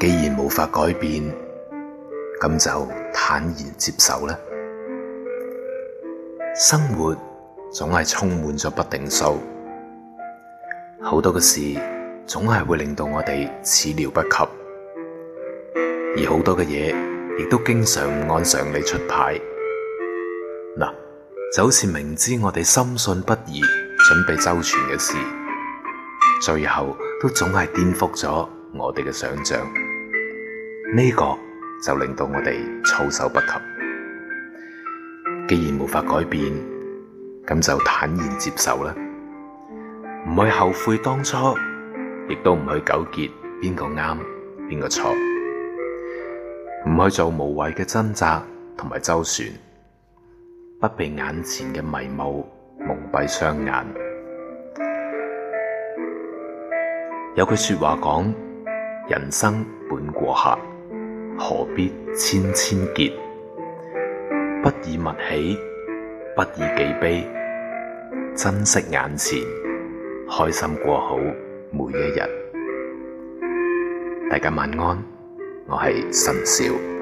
既然無法改變，咁就坦然接受啦。生活總係充滿咗不定數，好多嘅事總係會令到我哋始料不及，而好多嘅嘢亦都經常唔按常理出牌。嗱，就好似明知我哋深信不疑、準備周全嘅事，最後都總係顛覆咗我哋嘅想象。呢個就令到我哋措手不及。既然無法改變，咁就坦然接受啦，唔去後悔當初，亦都唔去糾結邊個啱邊個錯，唔去做無謂嘅掙扎同埋周旋，不被眼前嘅迷霧蒙蔽雙眼。有句說話講：人生本過客。何必千千結？不以物喜，不以己悲。珍惜眼前，開心過好每一日。大家晚安，我係神少。